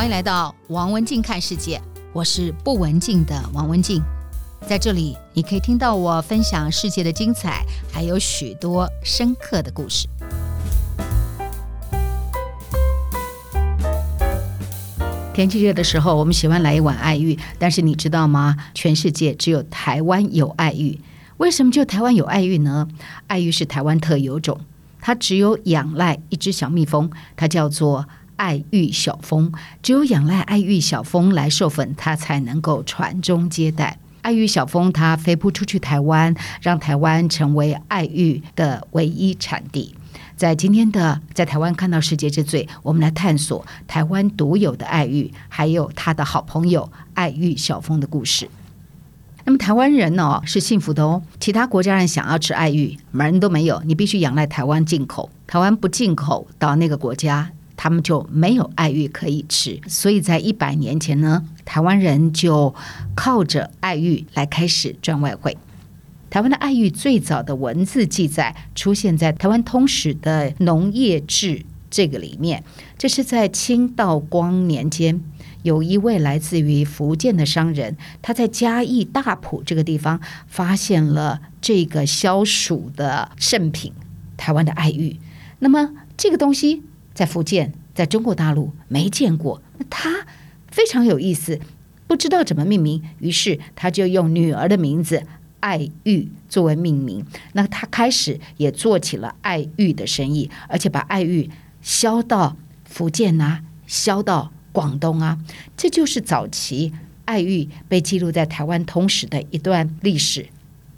歡迎來到王文靜看世界，我是不文靜的王文靜，在這裡你可以聽到我分享世界的精彩，還有許多深刻的故事。天氣熱的時候，我們喜歡來一碗愛玉，但是你知道嗎？全世界只有台灣有愛玉，為什麼就台灣有愛玉呢？愛玉是台灣特有種，它只有仰賴一隻小蜜蜂，它叫做。愛玉小蜂，只有仰賴愛玉小蜂來授粉，它才能夠傳宗接代。愛玉小蜂它飛不出去台灣，讓台灣成為愛玉的唯一產地。在今天的在台灣看到世界之最，我們來探索台灣獨有的愛玉，還有他的好朋友愛玉小蜂的故事。那麼台灣人呢、哦？是幸福的哦，其他國家人想要吃愛玉，門都沒有，你必須仰賴台灣進口。台灣不進口到那個國家，他們就沒有愛玉可以吃，所以在一百年前呢，台灣人就靠着愛玉來開始賺外匯。台灣的愛玉最早的文字記載出現在《台灣通史》的農業志這個裡面。這是在清道光年間，有一位來自於福建的商人，他在嘉義大埔這個地方發現了這個消暑的聖品——台灣的愛玉。那麼這個東西。在福建，在中國大陸沒見過，那他非常有意思，不知道怎麼命名，於是他就用女兒的名字“愛玉”作為命名。那他開始也做起了愛玉的生意，而且把愛玉銷到福建啊，銷到廣東啊。這就是早期愛玉被記錄在台灣通史的一段歷史，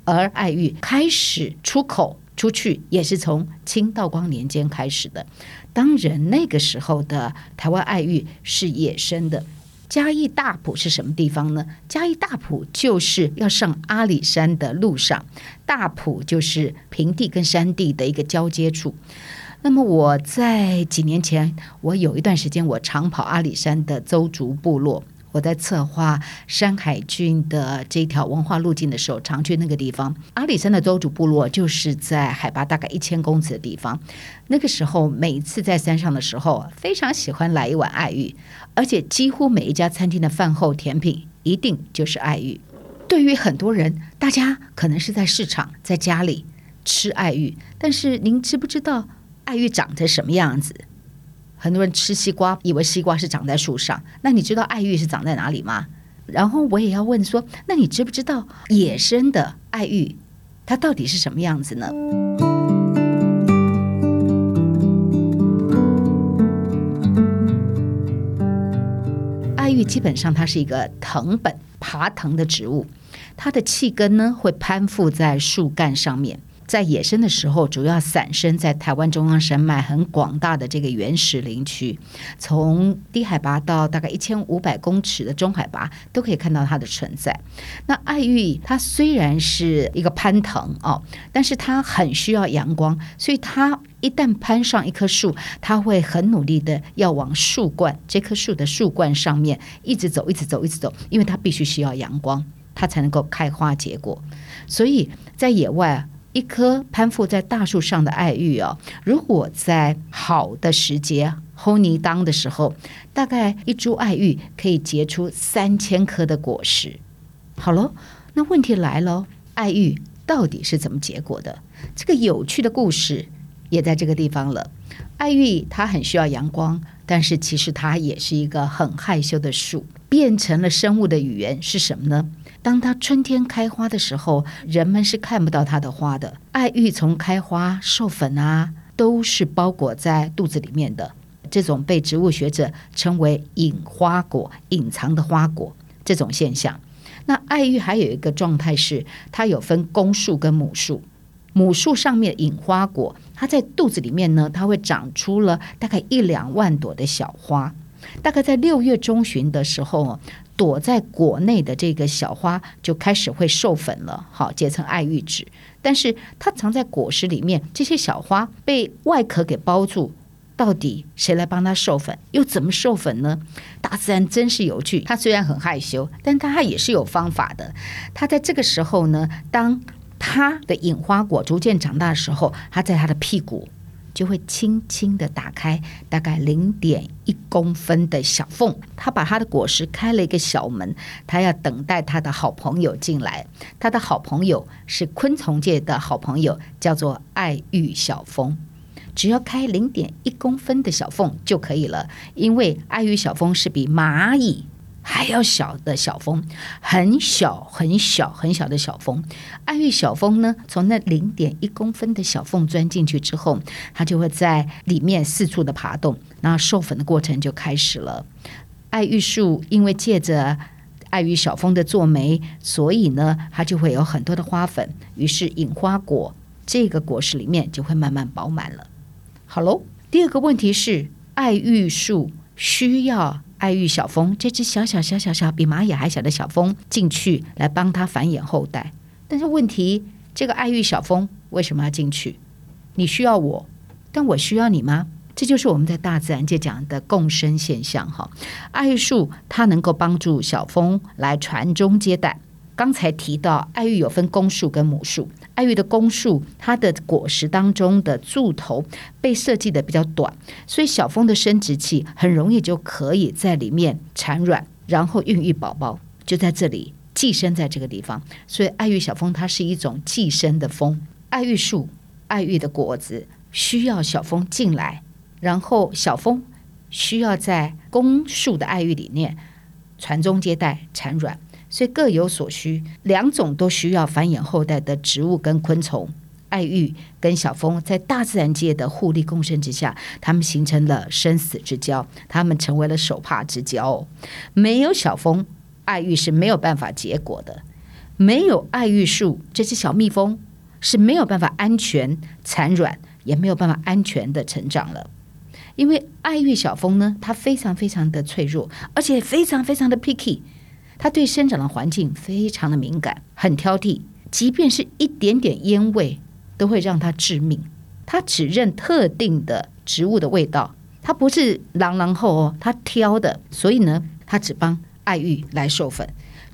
而愛玉開始出口出去也是從清道光年間開始的。當然，那個時候的台灣愛玉是野生的。嘉義大埔是什麼地方呢？嘉義大埔就是要上阿里山的路上，大埔就是平地跟山地的一個交接處。那麼我在幾年前，我有一段時間，我常跑阿里山的鄒族部落。我在策劃《山海郡》的這條文化路徑的時候，常去那個地方。阿里山的鄒族部落就是在海拔大概一千公尺的地方。那個時候，每一次在山上的時候，非常喜歡來一碗愛玉，而且幾乎每一家餐廳的飯後甜品一定就是愛玉。對於很多人，大家可能是在市場、在家裡吃愛玉，但是您知不知道愛玉長得什麼樣子？很多人吃西瓜，以為西瓜是長在樹上。那你知道愛玉是長在哪裡嗎？然後我也要問說，那你知不知道野生的愛玉，它到底是什麼樣子呢？愛玉基本上它是一個藤本，爬藤的植物，它的氣根呢，會攀附在樹幹上面。在野生的時候，主要散生在台灣中央山脈很廣大的這個原始林區，從低海拔到大概一千五百公尺的中海拔都可以看到它的存在。那愛玉它雖然是一個攀藤哦，但是它很需要陽光，所以它一旦攀上一棵樹，它會很努力的要往樹冠這棵樹的樹冠上面一直走，一直走，一直走，因為它必須需要陽光，它才能夠開花結果。所以在野外啊。一棵攀附在大樹上的愛玉哦，如果在好的時節，候泥當的時候，大概一株愛玉可以結出三千顆的果實。好嘍，那問題來嘍，愛玉到底是怎麼結果的？這個有趣的故事也在這個地方了。愛玉它很需要陽光，但是其實它也是一個很害羞的樹，變成了生物的語言是什麼呢？當它春天開花的時候，人們是看不到它的花的。愛玉從開花授粉啊，都是包裹在肚子裡面的。這種被植物學者稱為“隱花果”、隱藏的花果這種現象。那愛玉還有一個狀態是，它有分公樹跟母樹。母樹上面隱花果，它在肚子裡面呢，它會長出了大概一兩萬朵的小花。大概在六月中旬的時候。躲在果內的這個小花就開始會授粉了，好，結成愛玉籽。但是它藏在果實裡面，這些小花被外殼給包住。到底誰來幫它授粉？又怎麼授粉呢？大自然真是有趣。它雖然很害羞，但它也是有方法的。它在這個時候呢，當它的隱花果逐漸長大的時候，它在它的屁股。就會輕輕的打開大概零點一公分的小縫，他把他的果實開了一個小門，他要等待他的好朋友進來。他的好朋友是昆蟲界的好朋友，叫做愛玉小蜂。只要開零點一公分的小縫就可以了，因為愛玉小蜂是比螞蟻還要小的小蜂，很小很小很小的小蜂，愛玉小蜂呢，從那零點一公分的小縫鑽進去之後，它就會在裡面四處的爬動，然後授粉的過程就開始了。愛玉樹因為借着愛玉小蜂的做媒，所以呢，它就會有很多的花粉，於是隱花果這個果實裡面就會慢慢飽滿了。好嘍，第二個問題是，愛玉樹需要。愛玉小蜂這隻小小小小小，小比螞蟻還小的小蜂進去來幫它繁衍後代，但是問題，這個愛玉小蜂為什麼要進去？你需要我，但我需要你嗎？這就是我們在大自然界講的共生現象。哈，愛玉樹它能夠幫助小蜂來傳宗接代。剛才提到愛玉有分公樹跟母樹。愛玉的公樹，它的果實當中的柱頭被設計得比較短，所以小蜂的生殖器很容易就可以在裡面產卵，然後孕育寶寶，就在這裡寄生在這個地方。所以愛玉小蜂它是一種寄生的蜂。愛玉樹，愛玉的果子需要小蜂進來，然後小蜂需要在公樹的愛玉裡面傳宗接代、產卵。所以各有所需，兩種都需要繁衍後代的植物跟昆蟲。愛玉跟小蜂在大自然界的互利共生之下，他們形成了生死之交，他們成為了手帕之交。沒有小蜂，愛玉是沒有辦法結果的；沒有愛玉樹，這些小蜜蜂是沒有辦法安全產卵，也沒有辦法安全的成長了。因為愛玉小蜂呢，它非常非常的脆弱，而且非常非常的 picky。它對生長的環境非常的敏感，很挑剔，即便是一點點煙味都會讓它致命。它只認特定的植物的味道，它不是狼狼後哦，它挑的，所以呢，它只幫愛玉來授粉，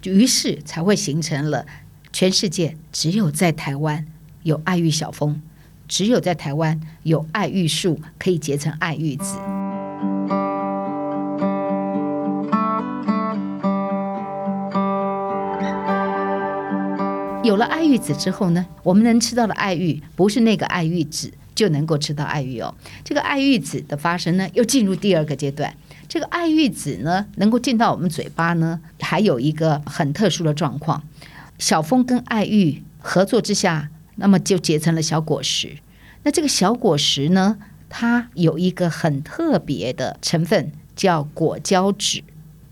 於是才會形成了全世界只有在台灣有愛玉小蜂，只有在台灣有愛玉樹可以結成愛玉子。有了愛玉子之後呢，我們能吃到的愛玉不是那個愛玉子就能夠吃到愛玉哦。這個愛玉子的發生呢，又進入第二個階段。這個愛玉子呢，能夠進到我們嘴巴呢，還有一個很特殊的狀況：小蜂跟愛玉合作之下，那麼就結成了小果實。那這個小果實呢，它有一個很特別的成分，叫果膠質。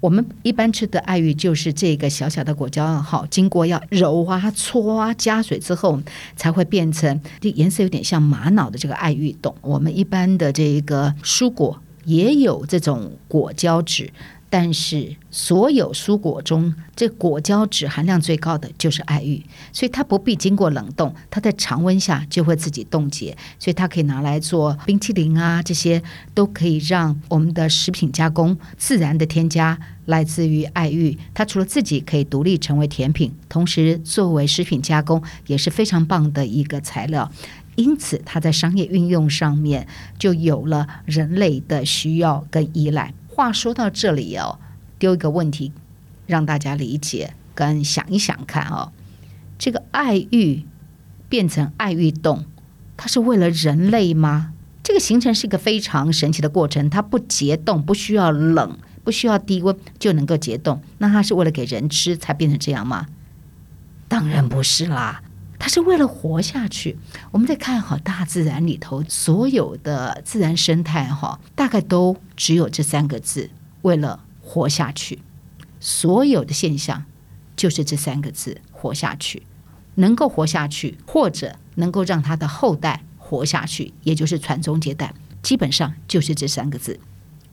我們一般吃的愛玉就是這個小小的果膠，好，經過要揉啊、搓啊、加水之後，才會變成這顏色有點像瑪瑙的這個愛玉。懂？我們一般的這個蔬果也有這種果膠質。但是，所有蔬果中，這果膠質含量最高的就是愛玉，所以它不必經過冷凍，它在常溫下就會自己凍結，所以它可以拿來做冰淇淋啊，這些都可以讓我們的食品加工自然的添加來自於愛玉。它除了自己可以獨立成為甜品，同時作為食品加工也是非常棒的一個材料。因此，它在商業運用上面就有了人類的需要跟依賴。話說到這裡哦，丟一個問題，讓大家理解跟想一想看哦。這個愛玉變成愛玉凍，它是為了人類嗎？這個形成是一個非常神奇的過程，它不結凍，不需要冷，不需要低溫就能夠結凍。那它是為了給人吃才變成這樣嗎？當然不是啦。他是為了活下去。我們再看哈，大自然裡頭所有的自然生態哈，大概都只有這三個字：為了活下去。所有的現象就是這三個字：活下去。能夠活下去，或者能夠讓他的後代活下去，也就是傳宗接代，基本上就是這三個字。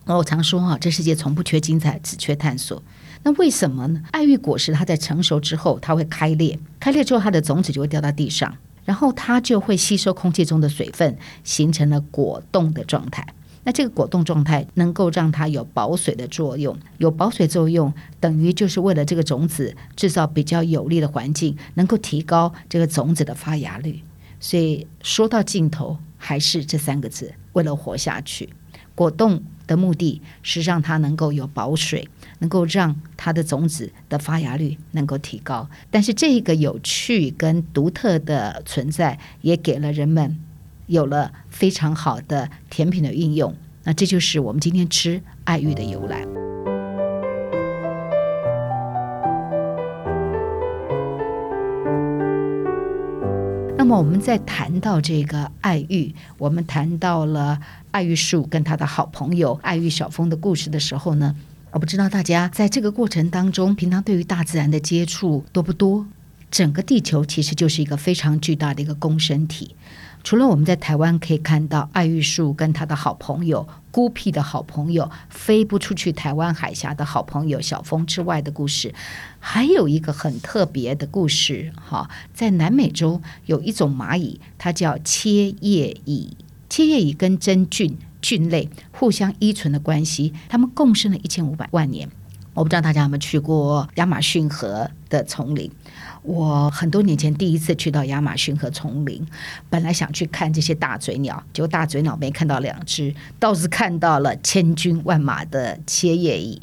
那我常說哈，這世界從不缺精彩，只缺探索。那為什麼呢？愛玉果實它在成熟之後，它會開裂，開裂之後它的種子就會掉到地上，然後它就會吸收空氣中的水分，形成了果凍的狀態。那這個果凍狀態能夠讓它有保水的作用，有保水作用等於就是為了這個種子製造比較有利的環境，能夠提高這個種子的發芽率。所以說到盡頭還是這三個字：為了活下去。果凍。的目的是讓它能夠有保水，能夠讓它的種子的發芽率能夠提高。但是這個有趣跟獨特的存在，也給了人們有了非常好的甜品的運用。那這就是我們今天吃愛玉的由來。那麼我們在談到這個愛玉，我們談到了愛玉樹跟他的好朋友愛玉小蜂的故事的時候呢，我不知道大家在這個過程當中，平常對於大自然的接觸多不多？整個地球其實就是一個非常巨大的一個共生體，除了我們在台灣可以看到愛玉樹跟他的好朋友，孤僻的好朋友，飛不出去台灣海峽的好朋友，小蜂之外的故事，還有一個很特別的故事。哈，在南美洲有一種螞蟻，它叫切葉蟻。切葉蟻跟真菌菌類互相依存的關係，它們共生了一千五百萬年。我不知道大家有沒有去過亞馬遜河的叢林。我很多年前第一次去到亞馬遜河叢林，本來想去看這些大嘴鳥，結果大嘴鳥沒看到兩隻，倒是看到了千軍萬馬的切葉蟻。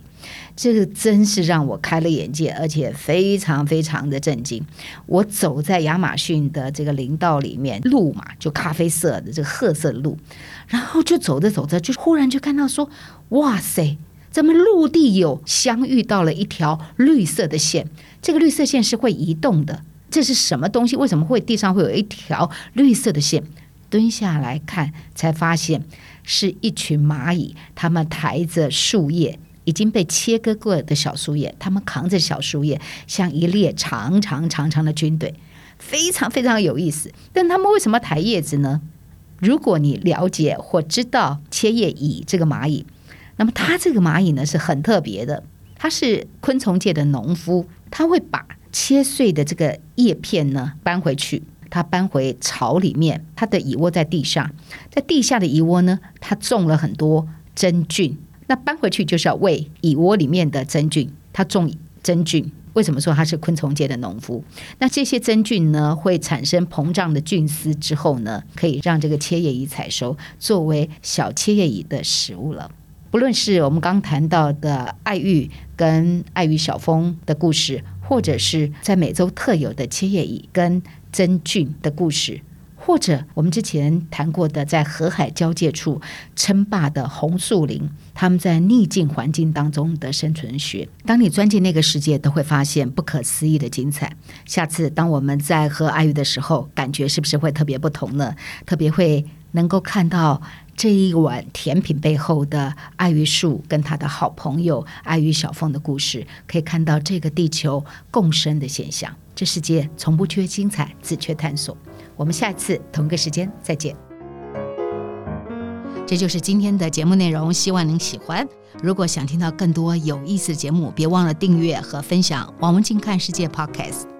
這個真是讓我開了眼界，而且非常非常的震驚。我走在亞馬遜的這個林道裡面，路嘛就咖啡色的這個褐色的路，然後就走着走着，就忽然就看到說：“哇塞！”咱們陸地有相遇到了一條綠色的線，這個綠色線是會移動的。這是什麼東西？為什麼會地上會有一條綠色的線？蹲下來看，才發現是一群螞蟻，它們抬着樹葉，已經被切割過的小樹葉，它們扛着小樹葉，像一列長長長長長的軍隊，非常非常有意思。但它們為什麼抬葉子呢？如果你了解或知道切葉蟻這個螞蟻，那麼它這個螞蟻呢是很特別的，它是昆蟲界的農夫，它會把切碎的這個葉片呢搬回去，它搬回巢裡面，它的蟻窩在地上，在地下的蟻窩呢，它種了很多真菌，那搬回去就是要餵蟻窩裡面的真菌，它種真菌，為什麼說它是昆蟲界的農夫？那這些真菌呢會產生膨脹的菌絲之後呢，可以讓這個切葉蟻採收作為小切葉蟻的食物了。不論是我們剛談到的愛玉跟愛玉小蜂的故事，或者是在美洲特有的切葉蟻跟真菌的故事，或者我們之前談過的在河海交界處稱霸的紅樹林，他們在逆境環境當中的生存學，當你鑽進那個世界，都會發現不可思議的精彩。下次當我們再喝愛玉的時候，感覺是不是會特別不同呢？特別會能夠看到。這一碗甜品背後的愛玉樹跟他的好朋友愛玉小蜂的故事，可以看到這個地球共生的現象。這世界從不缺精彩，只缺探索。我們下次同個時間再見。這就是今天的節目內容，希望您喜歡。如果想聽到更多有意思的節目，別忘了訂閱和分享《王文靜看世界》Podcast。